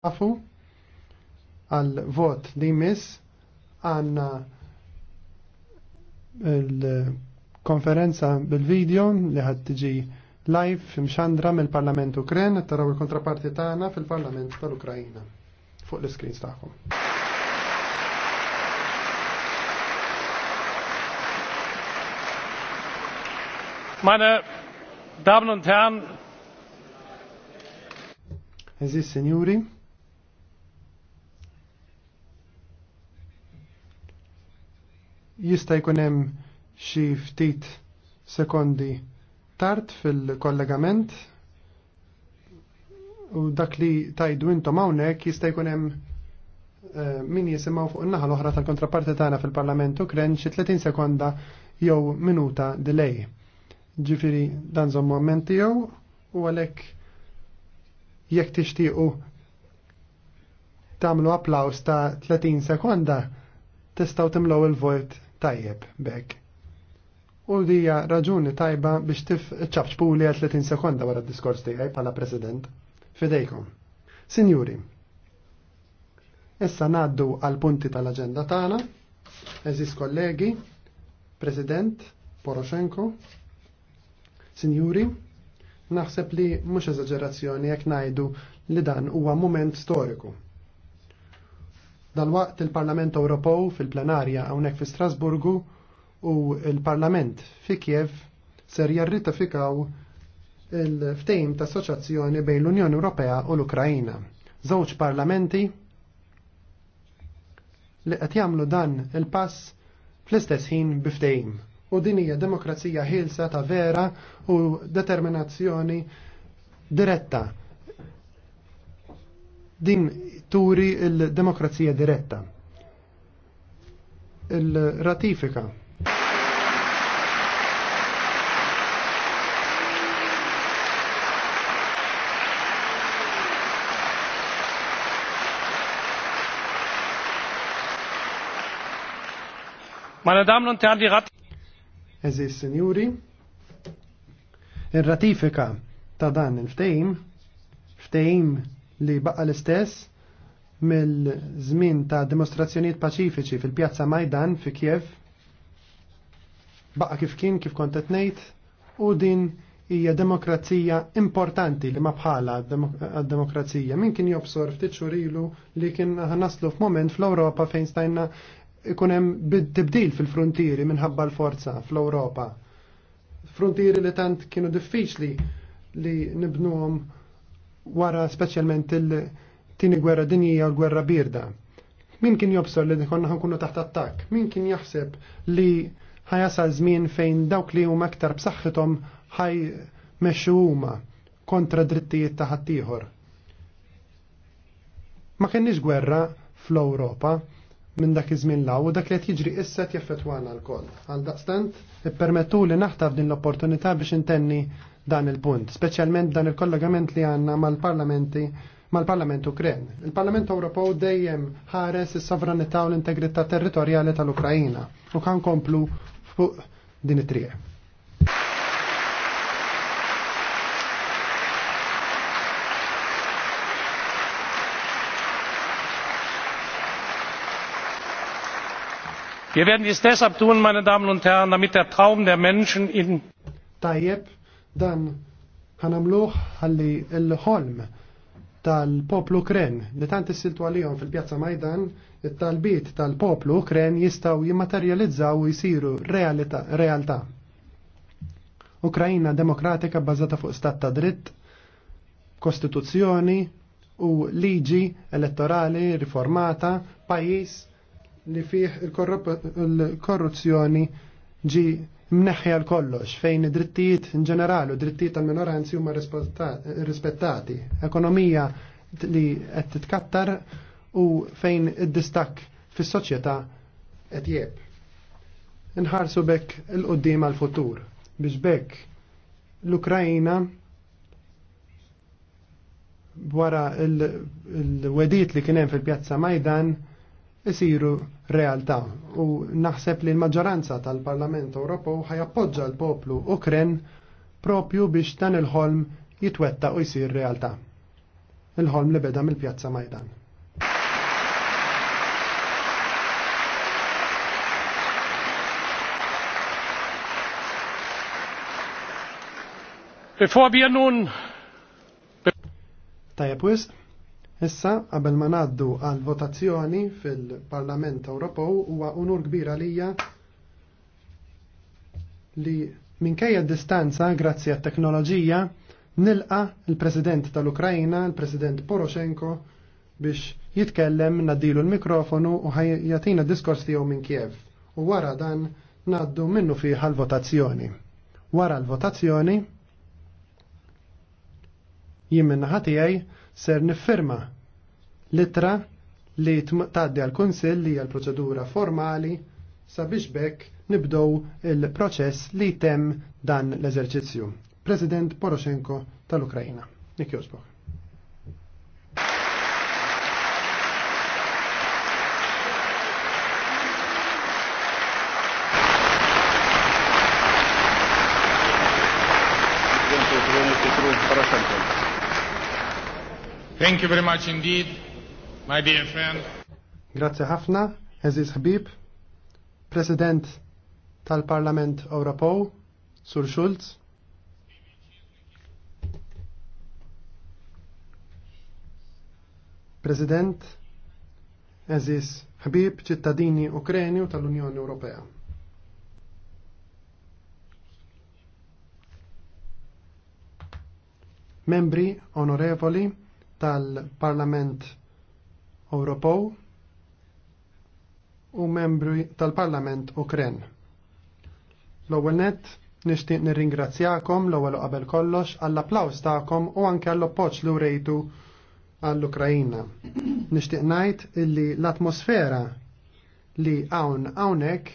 għafu għal vot li jmiss għanna il-konferenza bil-video li ħad tiġi live mxandra mill-Parlament Ukren, taraw il-kontraparti tagħna fil-Parlament tal-Ukrajina fuq l-screens tagħhom. Meine Damen und Herren, Es ist Signori. jista' jkun hemm xi ftit sekondi tard fil-kollegament u dak li tajdu intom hawnhekk jista' jkun hemm eh, min jisimaw fuq naħa l-oħra tal-kontraparti tagħna fil-Parlament Ukren xi 30 sekonda jew minuta delay. Ġifiri dan żomm moment tiegħu u għalhekk jekk tixtiequ tagħmlu applaws ta' 30 sekonda tistgħu timlaw il-vojt tajjeb bekk. U dija raġuni tajba biex tif ċabċpuli għal 30 sekonda wara d-diskors tiegħi bħala President. Fidejkom. Sinjuri, issa ngħaddu għal punti tal-aġenda tagħna, eżis kollegi, President Poroshenko, Sinjuri, naħseb li mhux eżaġerazzjoni jekk ngħidu li dan huwa moment storiku. Dal waqt il-Parlament Ewropew fil-plenarja hawnhekk fi Strasburgu u il-Parlament fi Kiev ser jarritifikaw il-ftejm ta' assoċjazzjoni bejn l-Unjoni Ewropea u l-Ukrajina. Żewġ parlamenti li qed jagħmlu dan il-pass fl-istess ħin biftejm. U din hija demokrazija ħilsa ta' vera u determinazzjoni diretta din turi il-demokrazija diretta. Il-ratifika Meine Damen und Herren, die Ratifika. Eżis, Signori, il ratifika ta' dan il-ftejm, ftejm li baqa l-istess, mill-żmien ta' dimostrazzjonijiet paċifiċi fil-Pjazza Majdan fi Kiev baqa kif kien kif kont qed ngħid u din hija demokrazija importanti li ma bħala għad-demokrazija. Min kien jobsor ftit xurilu li kien naslu f'moment fl-Ewropa fejn stajna ikun hemm tibdil fil-frontieri minħabba l-forza fl-Ewropa. Frontieri li tant kienu diffiċli li nibnuhom wara speċjalment il- tini gwerra dinjija u gwerra birda. Min kien jobsor li konna ħankunu taħt attak? Min kien jaħseb li ħajasal żmien fejn dawk li huma aktar b'saħħithom ħaj meċu huma kontra drittijiet ta' ħaddieħor. Ma kenniex gwerra fl-Ewropa minn dak iż-żmien law u dak li qed jiġri issa jaffetwana l-koll. Għal daqstant ippermettu li naħtaf din l-opportunità biex intenni dan il-punt, speċjalment dan il-kollegament li għandna mal-parlamenti mal-Parlament Ukren. Il-Parlament Ewropew dejjem ħares is-sovranità u l-integrità territorjali tal-Ukrajina u kan komplu fuq din it Wir werden dies deshalb tun, meine Damen und Herren, damit der Traum der Menschen in Tajjeb, dann ħanamluħ ħalli l-ħolm tal-poplu kren li tant issiltu għalihom fil-Pjazza Majdan, it-talbit tal-poplu kren jistaw jimmaterjalizzaw u jisiru realtà. Ukrajina demokratika bbażata fuq stat ta' dritt, kostituzzjoni u liġi elettorali riformata, pajis li fih il-korruzzjoni ġi Mneħħja l kollox fejn id-drittijiet in ġenerali u drittijiet tal-minoranzi huma rispettati. Ekonomija li qed titkattar u fejn id-distak fis-soċjetà qed jeb. Inħarsu bekk il-qudiem għal futur biex bekk l-Ukrajina wara l-wedit li kien hemm fil-Pjazza Majdan isiru realtà u naħseb li l-maġġoranza tal-Parlament Ewropew ħajappoġġa l-poplu Ukren propju biex dan il-ħolm jitwetta u jsir realtà. Il-ħolm li beda mill-Pjazza Majdan. Bevor wir nun Tajab Issa, qabel ma ngħaddu għal votazzjoni fil-Parlament Ewropew huwa unur kbir għalija li minkejja distanza grazzi għat teknoloġija nilqa l-President tal-Ukrajna, l-President Poroshenko, biex jitkellem naddilu l-mikrofonu u ħajjatina diskors tiegħu minn Kiev. U wara dan ngħaddu minnu fih l-votazzjoni. Wara l-votazzjoni jien naħatijaj, ser niffirma litra li tgħaddi għal kunsill li għal proċedura formali sabiex bekk nibdow il-proċess li tem dan l-eżerċizzju. President Poroshenko tal-Ukrajina. Nik Josbok. Thank you very much indeed, my dear friend. Grazie ħafna, Aziz Habib, President tal-Parlament Ewropew, Sur Schulz. President, Aziz Habib, ċittadini Ukrenju tal-Unjoni Ewropea. Membri onorevoli, tal-Parlament Ewropew u membri tal-Parlament Ukren. L-ewwel nett nixtieq nirringrazzjakom l-ewwel qabel kollox għall-applaws tagħkom u anke għall-appoġġ li rejtu għall ukraina Nixtieq ngħid illi l-atmosfera li hawn hawnhekk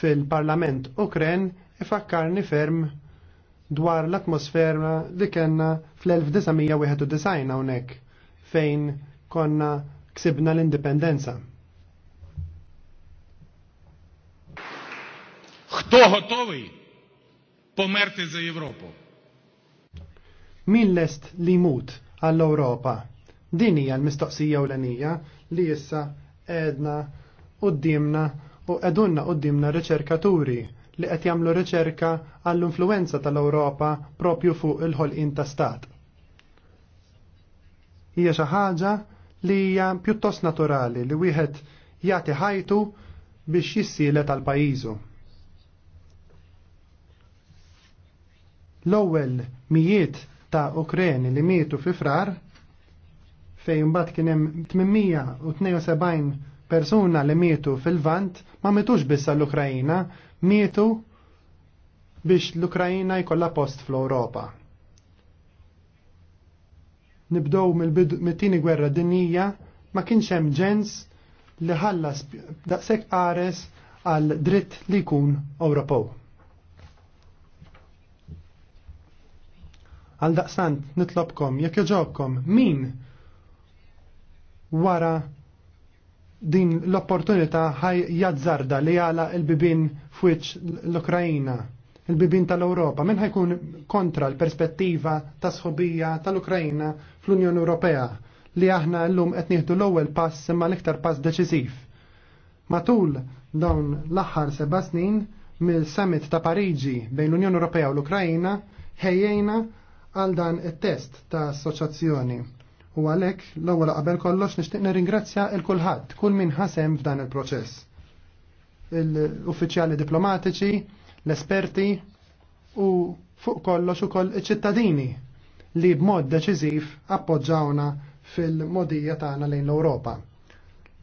fil-Parlament Ukren ifakkarni ferm dwar l-atmosfera li kena fl-1991 hawnhekk fejn konna ksibna l-indipendenza. Хто готовий померти за Європу? Min lest li mut għall-Europa? Din hija l-mistoqsija l-anija li issa edna qoddimna u edunna d-dimna riċerkaturi li qed jagħmlu riċerka għall-influenza tal-Ewropa propju fuq il-ħolqien ta' stat. Hija xi ħaġa li hija pjuttost naturali li wieħed jagħti ħajtu biex jissiele tal pajjiżu. L-ewwel mijiet ta' Ukreni li mietu fi frar fejn imbagħad kien hemm 872 persuna li mietu fil-Vant ma mitux biss l ukraina mietu biex l-Ukrajina jkollha post fl-Ewropa. Nibdow mill-tini gwerra dinija ma kienx hemm ġens li ħallas daqshekk qares għal dritt li jkun Ewropew. Għal daqsant nitlobkom jekk joġobkom min wara din l-opportunità ħaj jazzarda li jala il-bibin fwiċ l-Ukrajina, il-bibin tal-Europa, minn ħajkun kontra l-perspettiva ta' sħobija tal-Ukrajina fl-Unjoni Ewropea li aħna l-lum qed nieħdu l-ewwel pass imma l-iktar pass deċiżiv. Matul dawn l-aħħar seba' snin mill-summit ta' Pariġi bejn l-Unjoni Ewropea u l-Ukrajina ħejjejna għal dan it-test ta' assoċjazzjoni U għalhekk l-ewwel qabel kollox nixtieq nirringrazzja l kulħadd kull min ħasem f'dan il-proċess. Il-uffiċjali diplomatiċi, l-esperti u fuq kollox ukoll iċ-ċittadini li b'mod deċiżiv appoġġawna fil-modija tagħna lejn l-Ewropa.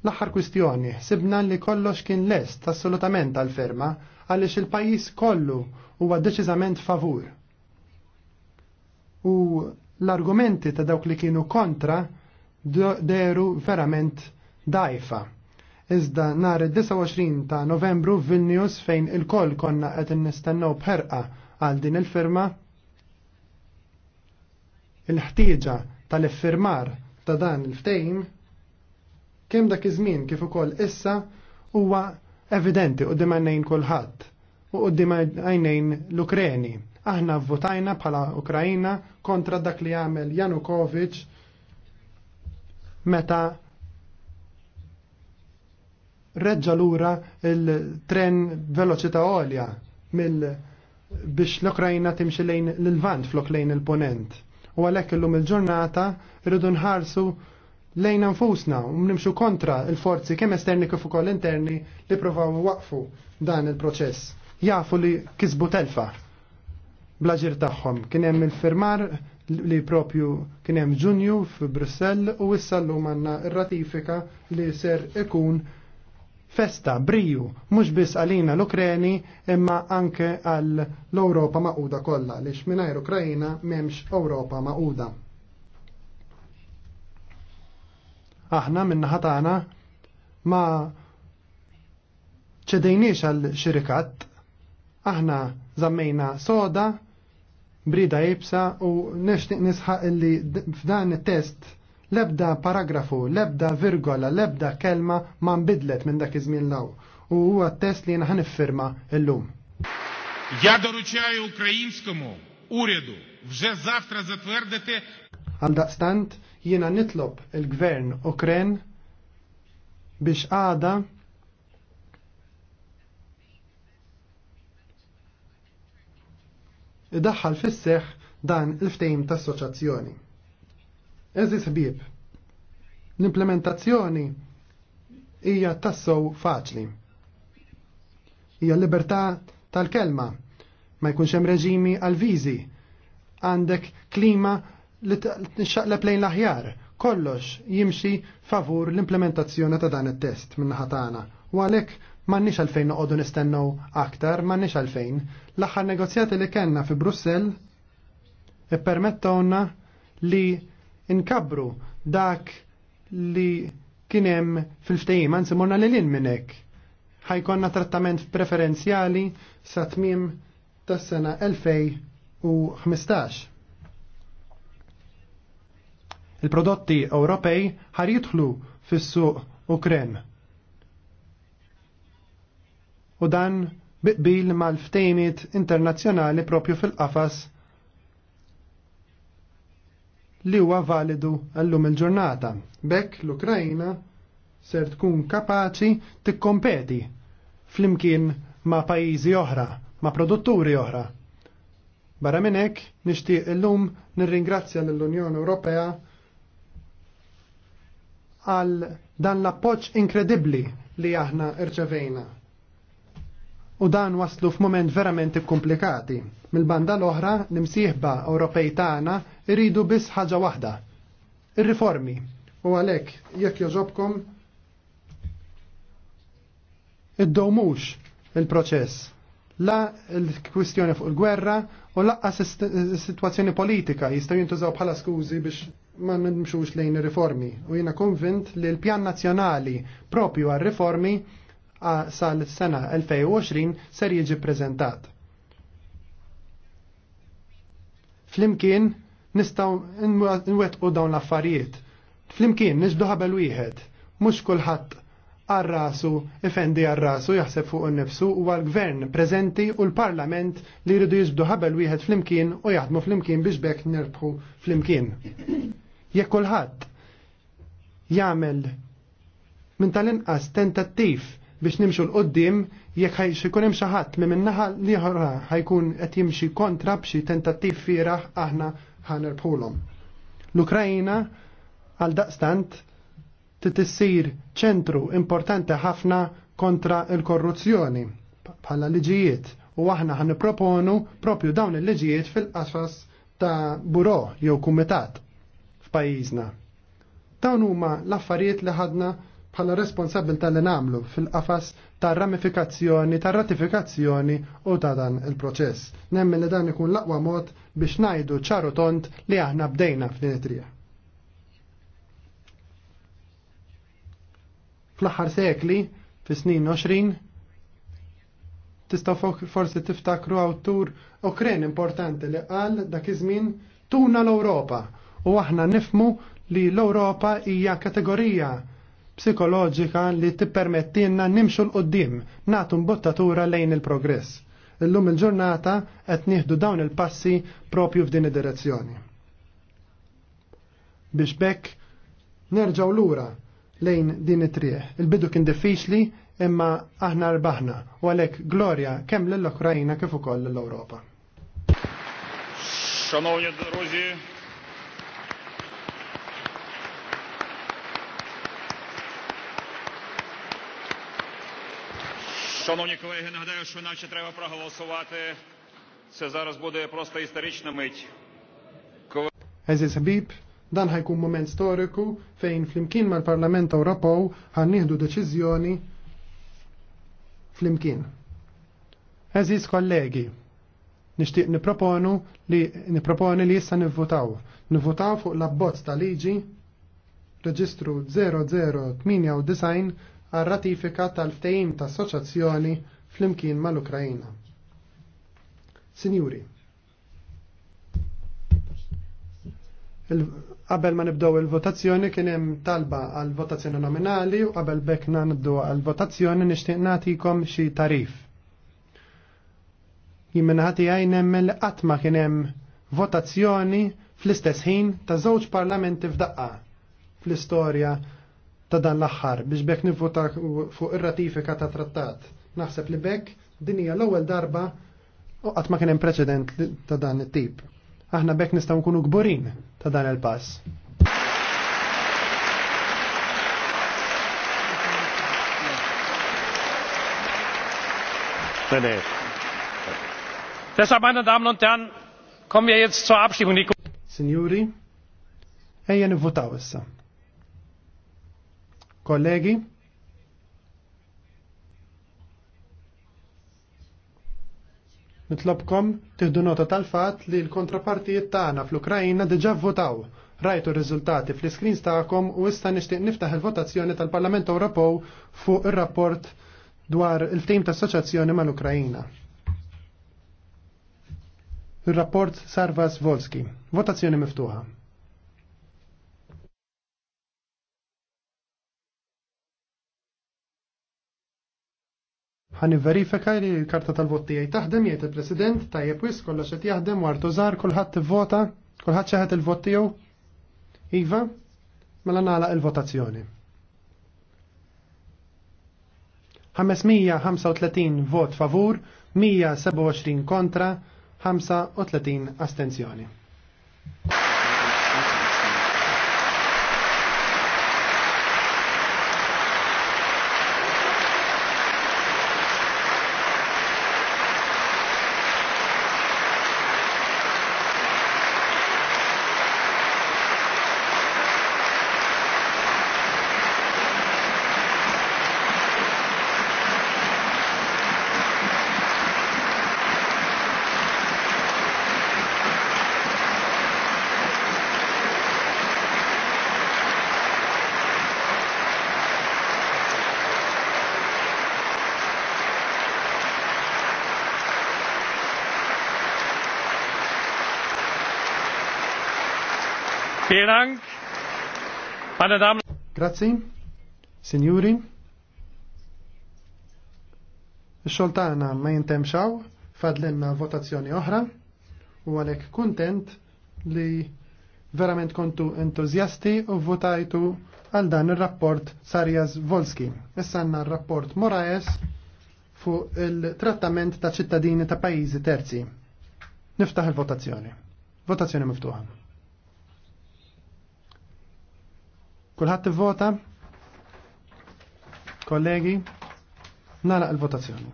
L-aħħar kwistjoni, sibna li kollox kien lest assolutament għal ferma għaliex il-pajjiż kollu huwa deċiżament favur. U l-argumenti ta' dawk li kienu kontra deru verament dajfa. Iżda nar 29 ta' novembru Vilnius fejn il-koll konna qed nistennew bħerqa għal din il-firma il-ħtieġa tal-iffirmar ta' dan il-ftejm kemm dak iż-żmien kif ukoll issa huwa evidenti qudiem għajnejn kulħadd u qudiem għajnejn l-Ukreni. Aħna votajna bħala Ukrajina kontra dak li għamel Janukovic meta reġġa lura il-tren veloċità għolja mill biex l ukrajina timxi lejn l-vant flok lejn il-ponent. U għalek l-lum il-ġurnata rridu nħarsu lejn nfusna u mnimxu kontra il-forzi kemm esterni kif ukoll interni li provaw waqfu dan il-proċess. Jafu li kisbu telfa blaġir tagħhom. Kien hemm il-firmar li propju kien hemm Ġunju f'Brussell u issa llum għandna r-ratifika li ser ikun festa briju mhux biss għalina l-Ukreni imma anke għal l-Ewropa maquda kollha li mingħajr Ukrajina m'hemmx Ewropa maquda. Aħna minna ħatana tagħna ma ċedejniex għal xirikat, aħna zammejna soda brida jibsa u nishtiq nisħaq illi f'dan test lebda paragrafu, lebda virgola, lebda kelma ma nbidlet minn dak iż-żmien law. U huwa test li jien illum. llum. Я ukrajinskomu uredu vġe zaftra zatwerdete. затвердити Għaldaqstant jiena nitlob il-gvern Ukren biex għada idaħħal fis-seħ dan il-ftejm ta' assoċjazzjoni. Eżis ħbieb. L-implementazzjoni hija tassow faċli. Hija libertà tal-kelma, ma jkunx hemm reġimi għal viżi. Għandek klima li tinxaqleb lejn l-aħjar. Kollox jimxi favur l-implementazzjoni ta' dan it-test minn ħatana. U għalhekk Mannix għalfejn noqogħdu nistennew aktar, mannix għalfejn. L-aħħar negozjati li kellna fi Brussell permettawna li inkabru dak li kien hemm fil-ftehim, anzi morna lil lin minn hekk. Ħajkonna trattament preferenzjali sa tmiem tas-sena 2015 il-prodotti Ewropej ħar jidħlu fis-suq Ukren u dan biqbil mal-ftejmiet internazzjonali propju fil-qafas li huwa validu għallum il-ġurnata. Bekk l-Ukrajna ser tkun kapaċi tikkompeti flimkien ma' pajizi oħra, ma' produtturi oħra. Barra minn hekk nixtieq illum nirringrazzja lill-Unjoni Ewropea għal dan l appoċ inkredibli li aħna irċevejna u dan waslu f'moment verament komplikati. Mil-banda l-oħra l-imsieħba Ewropej tagħna iridu biss ħaġa waħda. Ir-riformi. U għalhekk jekk joġobkom iddomux il-proċess. La l-kwistjoni fuq il-gwerra u laqqa situazzjoni politika jistgħu jintużaw bħala skużi biex ma nimxux lejn ir-riformi. U jiena konvint li l-pjan nazzjonali propju għar-riformi sal-sena 2020 ser jiġi prezentat. Flimkien nistaw nwettqu dawn l-affarijiet. Flimkien nisbdu ħabel wieħed, mhux kulħadd għarrasu, ifendi għarrasu, jaħseb fuq nifsu u għal-gvern prezenti u l-parlament li jridu jizbdu ħabel wieħed flimkien u jaħdmu flimkien biex bekk nirbħu flimkien. Jekk kulħadd jagħmel minn tal-inqas tentattiv biex nimxu l-qoddim jekk ikun hemm xi ħadd minn naħa liħor ħajkun qed jimxi kontra b'xi tentattiv firaħ aħna ħanerbħulhom. l ukraina għal daqstant titissir ċentru importanti ħafna kontra il-korruzzjoni bħala liġijiet u aħna ħan proponu propju dawn il-liġijiet fil-qasas ta' buro jew kumitat f'pajjiżna. Dawn huma l-affarijiet li ħadna bħala tal li namlu fil-qafas tar ramifikazzjoni, tar ratifikazzjoni u ta' dan il-proċess. Nemmen li dan ikun laqwa mod biex najdu ċaru tont li aħna bdejna f'Nitrija. Fl-aħħar sekli, fi snin 20, tistgħu forsi tiftakru awtur kren importanti li qal dak iż-żmien tuna l-Ewropa u aħna nifmu li l-Ewropa hija kategorija psikoloġika li tippermettilna nimxu l-qoddim, nagħtu mbottatura lejn il-progress. Illum il-ġurnata qed nieħdu dawn il-passi propju f'din id-direzzjoni. Biex bekk nerġgħu lura lejn din it triq Il-bidu kien diffiċli imma aħna rbaħna u għalhekk glorja kemm lill-Ukrajna kif ukoll l-Ewropa. Шановні друзі, Шановні колеги, нагадаю, що наче треба проголосувати. Це зараз буде просто історична мить. Eżiz ħbib, dan ħajkun moment storiku fejn flimkien mal-Parlament Ewropew ħan nieħdu deċiżjoni flimkien. Eżiz kollegi, nixtieq niproponu li niproponi li issa nivvutaw. Nivvutaw fuq l-abbozz ta' liġi reġistru 0098 għal ratifika tal-ftehim ta' assoċjazzjoni flimkien mal-Ukrajina. Sinjuri, qabel ma nibdew il-votazzjoni kien hemm talba għal votazzjoni nominali u qabel bekk nabdu għal votazzjoni nixtieq nagħtikom xi tarif. Jien minn ħati għajn li qatt ma kien hemm votazzjoni fl-istess ħin ta' żewġ parlamenti f'daqqa fl-istorja ta' dan l-aħħar biex bekk nivvota fuq ir-ratifika ta' trattat. Naħseb li bekk din hija l-ewwel darba qatt ma kien hemm preċedent ta' dan it-tip. Aħna bekk nistgħu nkunu gburin ta' dan il-pass. Deshalb, meine Damen und Herren, kommen wir jetzt zur Abstimmung. Signori, ejja nivvotaw issa. Kollegi? Nitlobkom tieħdu nota tal-fatt li l-kontrapartijiet tagħna fl-Ukrajna diġà votaw. Rajtu r-riżultati fl iskrins tagħkom u issa nixtieq niftaħ il-votazzjoni tal-Parlament Ewropew fuq ir-rapport dwar il-tim ta' assoċjazzjoni mal-Ukrajina. Il-rapport Sarvas Volski. Votazzjoni miftuħa. ħani verifika li l-karta tal-vot tiegħi taħdem jgħid il-President tajjeb wis kollox qed jaħdem wartu tużar kulħadd ivvota, kulħadd xeħet il-vot tiegħu. Iva, mela nagħlaq il-votazzjoni. 535 vot favur, 127 kontra, 35 astenzjoni. Vielen Meine Damen Grazzi, Signori. Ix-xoltana ma jintemxaw, fadlenna votazzjoni oħra, u għalek kontent li verament kontu entuzjasti u votajtu għal dan il-rapport Sarjas Volski. Issa il rapport Moraes fuq il-trattament ta' ċittadini ta' pajizi terzi. Niftaħ il-votazzjoni. Votazzjoni miftuħa. Kulħadd ivvota? Kollegi, nalaq il-votazzjoni.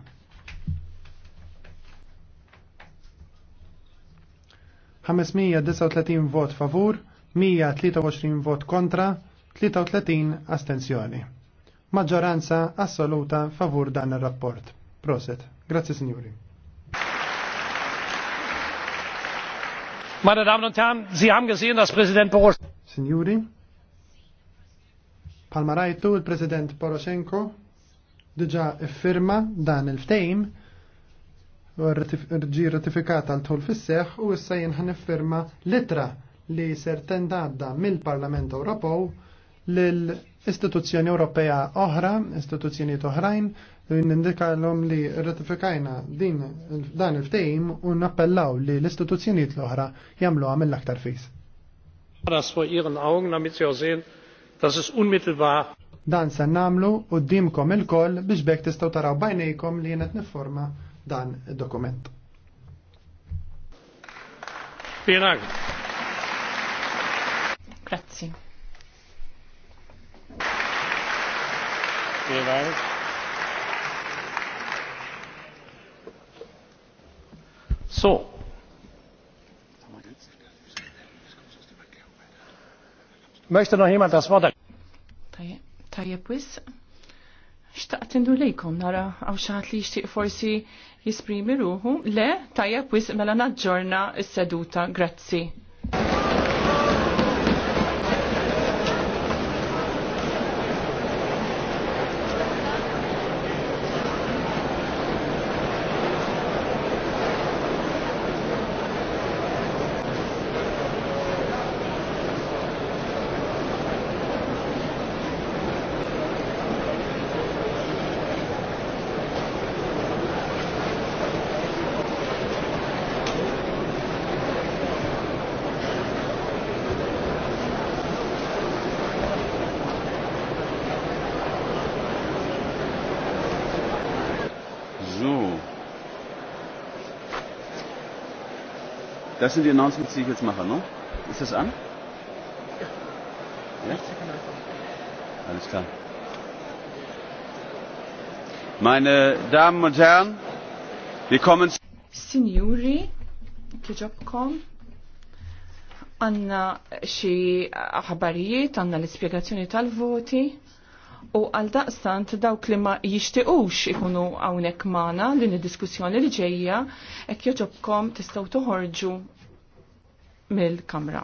Ħames 539 vot favur, 123 vot kontra, 33 astenzjoni. Maġġoranza assoluta favur dan ir-rapport. Proset. Grazzi signori. Meine Damen und Herren, Sie haben gesehen, dass Präsident Borussia... Signori, Palma rajtu il-President Poroshenko diġa iffirma dan il-ftejm u rġi ratifikata l-tħol fisseħ u issa jinħan iffirma litra li ser tendadda mill-Parlament Ewropew l-istituzzjoni Ewropea oħra, istituzzjoni oħrajn, li nindika l-om li ratifikajna din dan il-ftejim u nappellaw li l istituzzjoni l-oħra jamlu għamil aktar fis. Das vor Ihren Augen, damit Sie auch sehen, Das ist unmittelbar. Dan se namlu u dimkom il-koll biex bek tistaw taraw bajnejkom li jenet niforma dan dokument. Pienag. Grazie. Pienag. So. Möchte noch jemand das Tajjeb wis. Xtaqt indu lejkom nara għaw xaħat li jishtiq forsi jisprimi ruħu. Le, tajjeb wis mela naġġorna s-seduta. Grazzi. Das sind die Announcements, die ich jetzt mache, ne? Ist das an? Ja? Alles klar. Meine Damen und Herren, wir kommen zu... Signori, kieġobkom, għanna xie aħbarijiet, għanna l-ispiegazzjoni tal-voti. U għal daqstant dawk li ma jishtiqux ikunu għawnek mana id diskussjoni li ġejja, ek joġobkom tistaw toħorġu mill-kamra.